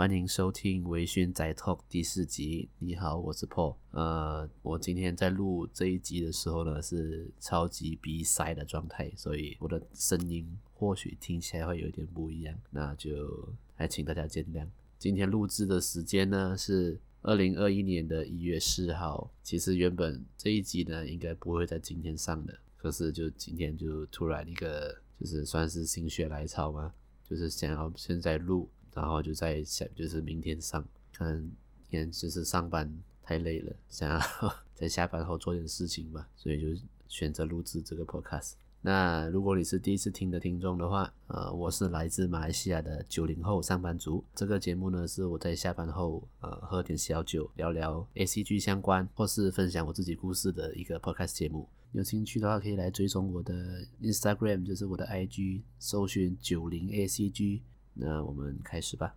歡迎收聽《微醺宅 talk》第四集。你好，我是 Paul。呃，我今天在錄這一集的時候呢，是超級鼻塞的狀態，所以我的聲音或許聽起來會有點不一樣，那就還請大家見諒。今天錄製的時間呢是二零二一年的一月四號。其實原本這一集呢應該不會在今天上的，可是就今天就突然一個，就是算是心血來潮嘛，就是想要現在錄。然後就在想，就是明天上。看。也今天就是上班太累了，想要在下班後做點事情吧，所以就選擇錄制這個 podcast。那如果你是第一次聽的聽眾的話，呃，我是來自馬來西亞的九零後上班族。這個節目呢，是我在下班後，呃，喝點小酒，聊聊 ACG 相關，或是分享我自己故事的一個 podcast 節目。有興趣的話，可以來追蹤我的 Instagram，就是我的 IG，搜尋九零 ACG。那我們開始吧。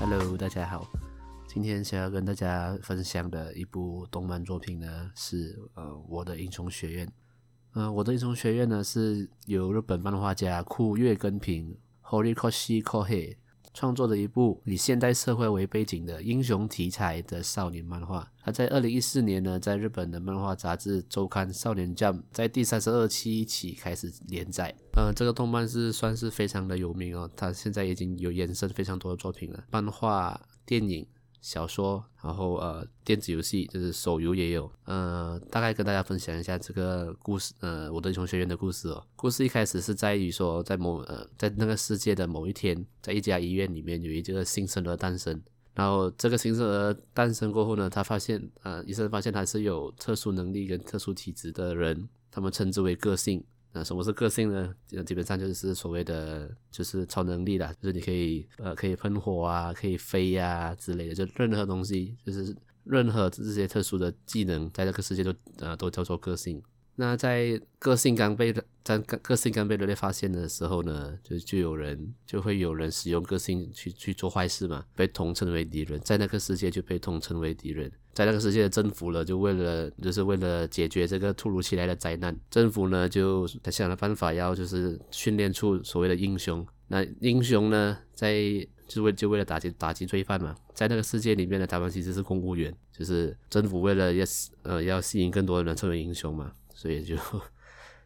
Hello，大家好，今天想要跟大家分享的一部動漫作品呢，是呃，《我的英雄學院》。嗯，《我的英雄學院》呢，是由日本漫畫家堀越耕平 （Horikoshi Kohei） h 創作的一部以現代社會為背景的英雄題材的少年漫畫，他在二零一四年呢，在日本的漫畫雜誌周刊《少年將少年 Jump》在第三十二期起開始連載。嗯、呃，這個動漫是算是非常的有名哦，他現在已經有衍生非常多的作品了，漫畫、電影。小說，然後呃，電子遊戲就是手遊也有，呃，大概跟大家分享一下這個故事，呃，我的英雄學院的故事哦。故事一開始是在於說，在某呃，在那個世界的某一天，在一家醫院裡面，有一隻新生兒誕生。然後這個新生兒誕生過後呢，他發現，呃，醫生發現他是有特殊能力跟特殊體質的人，他們稱之為個性。那什麼是個性呢？基本上就是所謂的就是超能力啦，就是你可以呃可以噴火啊，可以飛呀、啊、之類的，就任何東西，就是任何這些特殊的技能，在這個世界都呃都叫做個性。那在個性剛被在剛個性剛被人類發現的時候呢，就就有人就會有人使用個性去去做壞事嘛，被統稱為敵人，在那個世界就被統稱為敵人。在那個世界的政府呢，就為了就是為了解決這個突如其來的災難，政府呢就他想了辦法，要就是訓練出所謂的英雄。那英雄呢，在就為就為了打擊打擊罪犯嘛，在那個世界裡面呢，他們其實是公務員，就是政府為了要呃要吸引更多人成為英雄嘛，所以就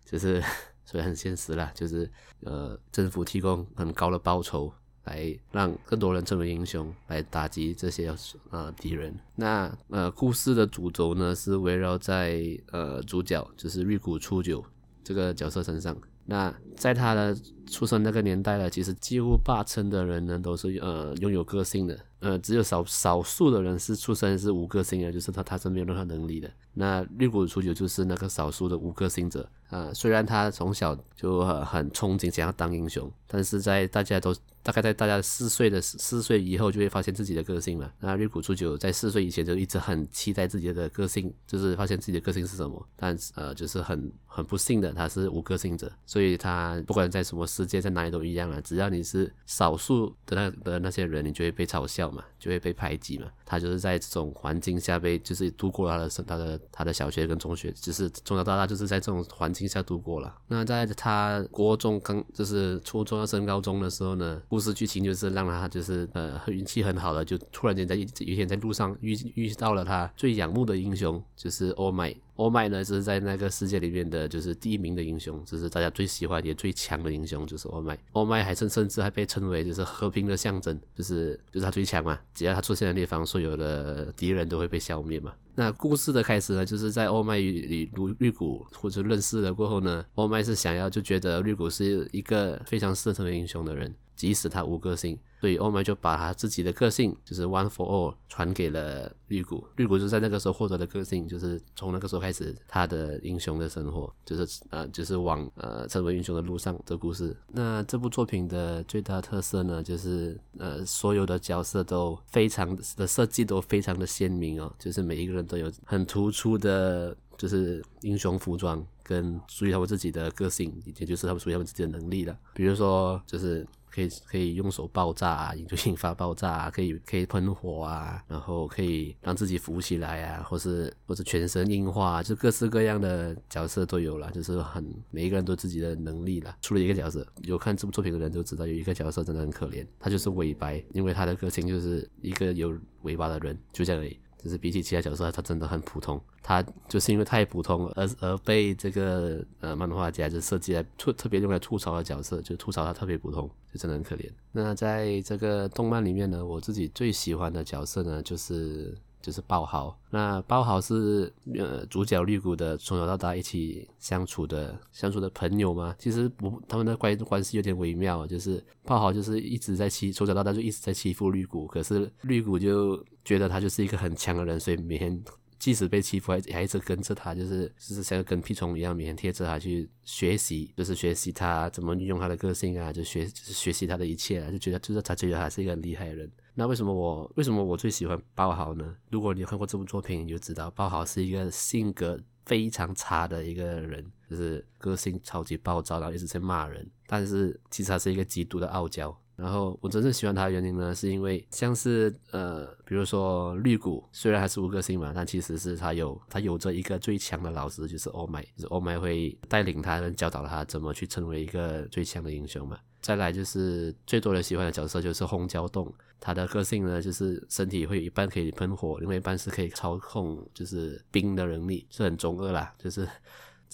就是所以很現實啦，就是呃政府提供很高的報酬。來讓更多人成為英雄，來打擊這些呃敵人。那呃，故事的主軸呢是圍繞在呃主角就是綠谷出久這個角色身上。那在他的出生那個年代呢，其實幾乎八成的人呢都是呃擁有個性的，呃，只有少少數的人是出生是無個性的，就是他他是沒有任何能力的。那綠谷出久就是那個少數的無個性者啊。呃，雖然他從小就很憧憬想要當英雄，但是在大家都大概在大家四歲的四歲以後，就會發現自己的個性了。那綠谷出久在四歲以前就一直很期待自己的個性，就是發現自己的個性是什麼。但呃，就是很很不幸的，他是無個性者，所以他不管在什麼世界，在哪裡都一樣了。只要你是少數的那的那些人，你就會被嘲笑嘛，就會被排擠嘛。他就是在這種環境下被就是度過他的他的他的小學跟中學，就是從小到大就是在這種環境下度過了。那在他國中剛就是初中升高中的時候呢，故事劇情就是讓他就是呃運氣很好的，就突然間在有一天在路上遇遇到了他最仰慕的英雄，就是歐麥。歐麥，麥呢就是在那個世界裡面的就是第一名的英雄，就是大家最喜歡也最強的英雄，就是歐麥。歐麥還甚甚至還被稱為就是和平的象徵，就是就是他最強嘛，只要他出現的地方，所有的敵人都會被消滅嘛。那故事的開始呢，就是在歐麥與綠綠谷或者認識了過後呢，歐麥是想要就覺得綠谷是一個非常適合成為英雄的人。即使他無個性，所以歐麥就把他自己的個性，就是 one for all，傳給了綠谷。綠谷就在那個時候獲得的個性，就是從那個時候開始，他的英雄的生活，就是呃，就是往呃成為英雄的路上的故事。那這部作品的最大特色呢，就是呃，所有的角色都非常的設計都非常的鮮明哦，就是每一個人都有很突出的，就是英雄服裝跟屬於他們自己的個性，以及就是他們屬於他們自己的能力了。比如說就是。可以可以用手爆炸啊，引就引發爆炸啊，可以可以噴火啊，然後可以讓自己浮起來啊，或是或者全身硬化啊，就各式各樣的角色都有了，就是很每一個人都有自己的能力了。除了一個角色，有看這部作品的人都知道，有一個角色真的很可憐，他就是尾白，因為他的個性就是一個有尾巴的人，就這樣而已。就是比起其他角色，他真的很普通。他就是因為太普通，而而被這個呃漫畫家就設計來吐特別用來吐槽的角色，就吐槽他特別普通，就真的很可憐。那在這個動漫裡面呢，我自己最喜歡的角色呢，就是。就是爆豪，那爆豪是呃主角綠谷的從小到大一起相處的相處的朋友嘛。其實不，他們的關關係有點微妙，就是爆豪就是一直在欺從小到大就一直在欺負綠谷，可是綠谷就覺得他就是一個很強的人，所以每天即使被欺負還還一直跟着他，就是就是像跟屁蟲一樣每天貼着他去學習，就是學習他怎麼運用他的個性啊，就學、就是學習他的一切啊，就覺得就是他覺得他是一個很厲害的人。那為什麼我為什麼我最喜歡爆豪呢？如果你看過這部作品，你就知道爆豪是一個性格非常差的一個人，就是個性超級暴躁，然後一直在罵人。但是其實他是一個極度的傲嬌。然後我真正喜歡他的原因呢，是因為像是呃，比如說綠谷，雖然他是無個性嘛，但其實是他有他有着一個最強的老師，就是歐麥，就是歐麥會帶領他教導他怎麼去成為一個最強的英雄嘛。再來就是最多人喜歡的角色就是轟焦凍。他的個性呢，就是身體會有一半可以噴火，另外一半是可以操控就是冰的能力，是很中二啦，就是。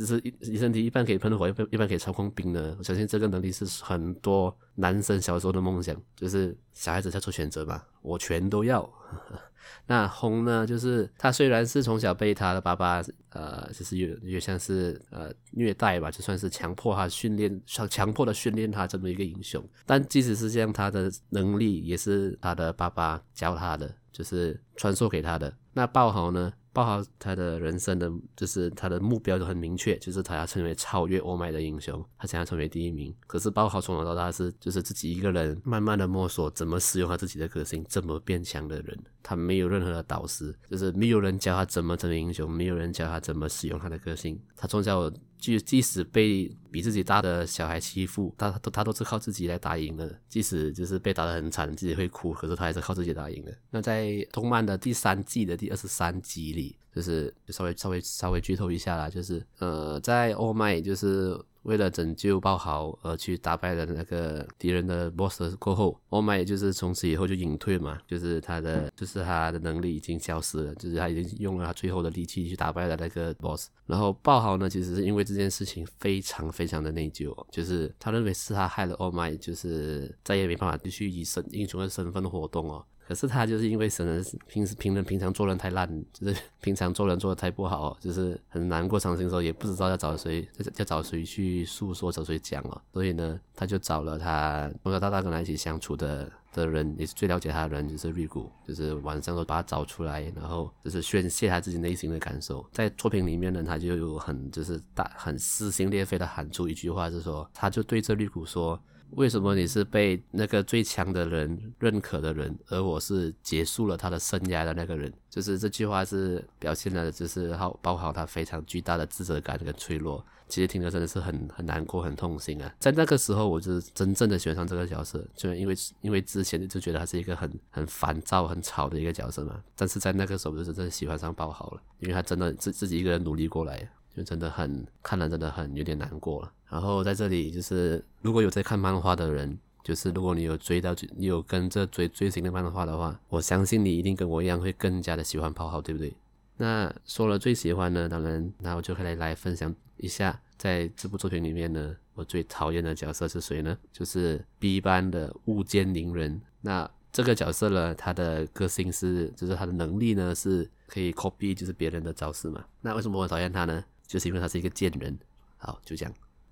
就是一身體一半可以噴火，一一半可以操控冰的，我相信這個能力是很多男生小時候的夢想。就是小孩子才做選擇嘛，我全都要。 那紅呢，就是他雖然是從小被他的爸爸，呃，就是越越像是呃虐待吧，就算是強迫他訓練，強迫的訓練他這麼一個英雄。但即使是這樣，他的能力也是他的爸爸教他的，就是傳授給他的。那爆豪呢？爆豪，他的人生的，就是他的目標就很明確，就是他要成為超越歐麥的英雄，他想要成為第一名。可是爆豪從小到大是，就是自己一個人慢慢的摸索，怎麼使用他自己的個性，怎麼變強的人。他沒有任何的導師，就是沒有人教他怎麼成為英雄，沒有人教他怎麼使用他的個性。他從小就即使被比自己大的小孩欺負，他都他都是靠自己來打贏的。即使就是被打得很慘，自己會哭，可是他還是靠自己打贏的。那在動漫的第三季的第二十三集裡，就是稍微稍微稍微劇透一下啦，就是呃，在歐麥就是。為了拯救爆豪而去打敗了那個敵人的 boss 過後，All Might 就是從此以後就隱退嘛，就是他的就是他的能力已經消失了，就是他已經用了他最後的力氣去打敗了那個 boss。然後爆豪呢，其實是因為這件事情非常非常的內疚哦，就是他認為是他害了 All Might，就是再也沒辦法繼續以身英雄的身份活動哦。可是他就是因為神人平時平論平常做人太爛，就是平常做人做得太不好，就是很難過傷心的時候也不知道要找誰，要找誰去訴說，找誰講哦。所以呢，他就找了他從小到大跟他一起相處的的人，也是最了解他的人，就是綠谷，就是晚上都把他找出來，然後就是宣泄他自己內心的感受。在作品裡面呢，他就有很就是大很撕心裂肺地，喊出一句話，就是說，他就對着綠谷說。為什麼你是被那個最強的人認可的人，而我是結束了他的生涯的那個人？就是這句話是表現了，就是爆豪他非常巨大的自責感跟脆弱。其實聽着真的是很很難過，很痛心啊！在那個時候，我就真正的喜歡上這個角色，就是因為因為之前就覺得他是一個很很煩躁、很吵的一個角色嘛。但是在那個時候，我就真正喜歡上爆豪了，因為他真的自自己一個人努力過來，就真的很看了，真的很有點難過了。然後在這裡，就是如果有在看漫畫的人，就是如果你有追到，你有跟這追追星的漫畫的話，我相信你一定跟我一樣會更加的喜歡爆豪，對不對？那說了最喜歡的，當然，那我就可以來分享一下，在這部作品裡面呢，我最討厭的角色是誰呢？就是 B 班的物間寧人。那這個角色呢，他的個性是，就是他的能力呢是可以 copy 就是別人的招式嘛。那為什麼我討厭他呢？就是因為他是一個賤人。好，就這樣。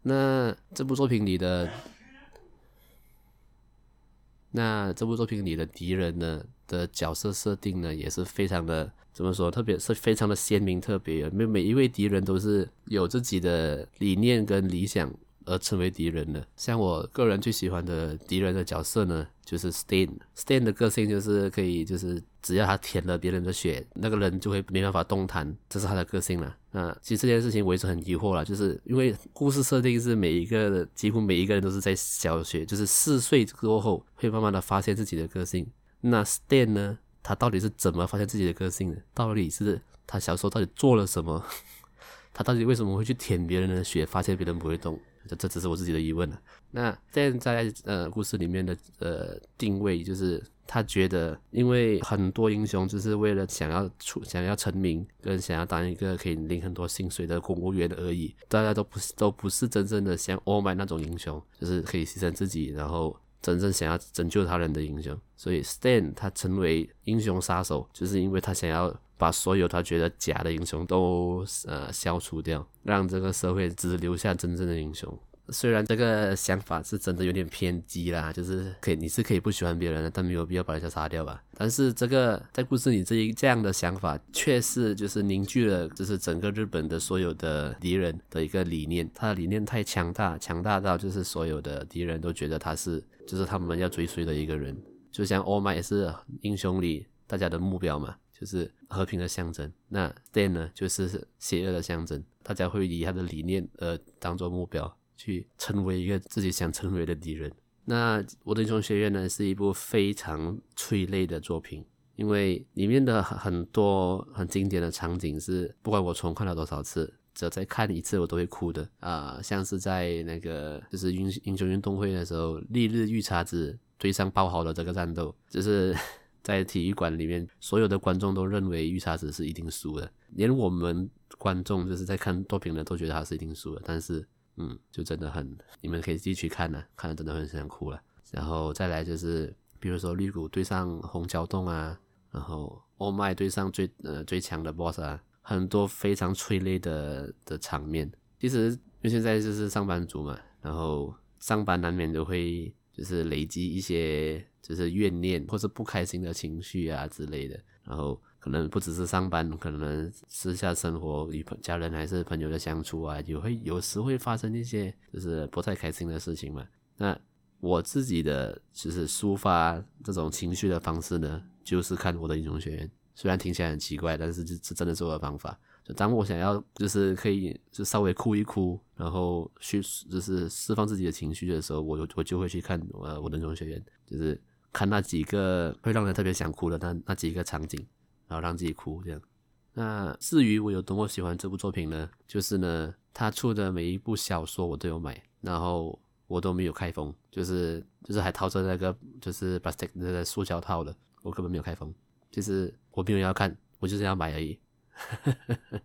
那這部作品裡的，那這部作品裡的敵人呢的角色設定呢，也是非常的怎麼說，特別是非常的鮮明，特別每每一位敵人都是有自己的理念跟理想而成為敵人的。像我個人最喜歡的敵人的角色呢，就是 Stain，Stain 的個性就是可以，就是只要他舔了別人的血，那個人就會沒辦法動彈，這是他的個性了。嗯，其實這件事情我一直很疑惑了，就是因為故事設定是每一個幾乎每一個人都是在小學，就是四歲過後會慢慢的發現自己的個性。那 Stan 呢，他到底是怎麼發現自己的個性的？到底是他小時候到底做了什麼？ 他到底為什麼會去舔別人的血，發現別人不會動？這這只是我自己的疑問了。那 Stan 在呃故事裡面的呃定位就是。他覺得，因為很多英雄就是為了想要出、想要成名，跟想要當一個可以領很多薪水的公務員而已。大家都不都不是真正的像 All Might 那種英雄，就是可以犧牲自己，然後真正想要拯救他人的英雄。所以，Stan 他成為英雄殺手，就是因為他想要把所有他覺得假的英雄都呃消除掉，讓這個社會只留下真正的英雄。雖然這個想法是真的有點偏激啦，就是可以你是可以不喜歡別人，但沒有必要把人家殺掉吧。但是這個在故事裡這一這樣的想法，確實就是凝聚了就是整個日本的所有的敵人的一個理念，他的理念太強大，強大到就是所有的敵人都覺得他是就是他們要追隨的一個人，就像 All Might 也是英雄裡大家的目標嘛，就是和平的象徵。那 Stain 呢，就是邪惡的象徵，大家會以他的理念而當做目標。去成為一個自己想成為的敵人。那《我的英雄學院》呢，是一部非常催淚的作品，因為裡面的很多很經典的場景是，不管我重看了多少次，只要再看一次，我都會哭的。啊，像是在那個就是英英雄運動會的時候，麗日御茶子對上爆豪的這個戰鬥，就是在體育館裡面，所有的觀眾都認為御茶子是一定輸的，連我們觀眾就是在看作品的都覺得他是一定輸的，但是。嗯，就真的很，你們可以自己去看呢、啊，看了真的很想哭了。然後再來就是，比如說綠谷對上轟焦凍啊，然後歐麥對上最呃最強的 boss 啊，很多非常催淚的的場面。其實因為現在就是上班族嘛，然後上班難免就會就是累積一些就是怨念或是不開心的情緒啊之類的，然後。可能不只是上班，可能私下生活與家人還是朋友的相處啊，也會有時會發生一些就是不太開心的事情嘛。那我自己的就是抒發這種情緒的方式呢，就是看我的英雄學院。雖然聽起來很奇怪，但是這真的是我的方法。就當我想要就是可以就稍微哭一哭，然後去就是釋放自己的情緒的時候，我就我就會去看呃我的英雄學院，就是看那幾個會讓人特別想哭的那那幾個場景。然後讓自己哭，這樣。那至於我有多麼喜歡這部作品呢？就是呢，他出的每一部小說我都有買，然後我都沒有開封，就是就是還套着那個就是 plastic 那個塑膠套的，我根本沒有開封。就是我並沒有要看，我就是要買而已。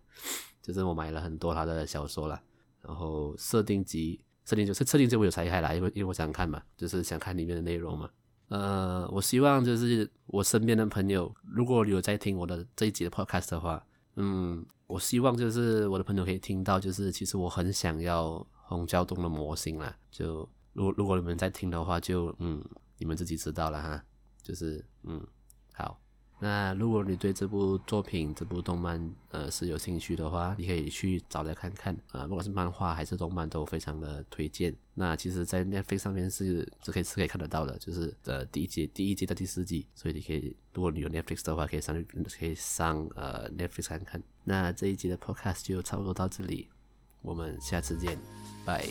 就是我買了很多他的小說啦，然後設定集設定就是設定集我有拆開啦，因為因為我想看嘛，就是想看裡面的內容嘛。呃，我希望就是我身邊的朋友，如果有在聽我的這一集的 Podcast 的話，嗯，我希望就是我的朋友可以聽到，就是其實我很想要轟焦凍的模型啦，就如果如果你們在聽的話就，就嗯，你們自己知道了哈，就是嗯。那如果你對這部作品、這部動漫呃是有興趣的話，你可以去找來看看啊。不管是漫畫還是動漫，都非常的推薦。那其實，在 Netflix 上面是是可以是可以看得到的，就是呃第一集、第一集到第四集，所以你可以，如果你有 Netflix 的話，可以上去可以上呃 Netflix 看看。那這一集的 Podcast 就差不多到這裡，我們下次見，拜。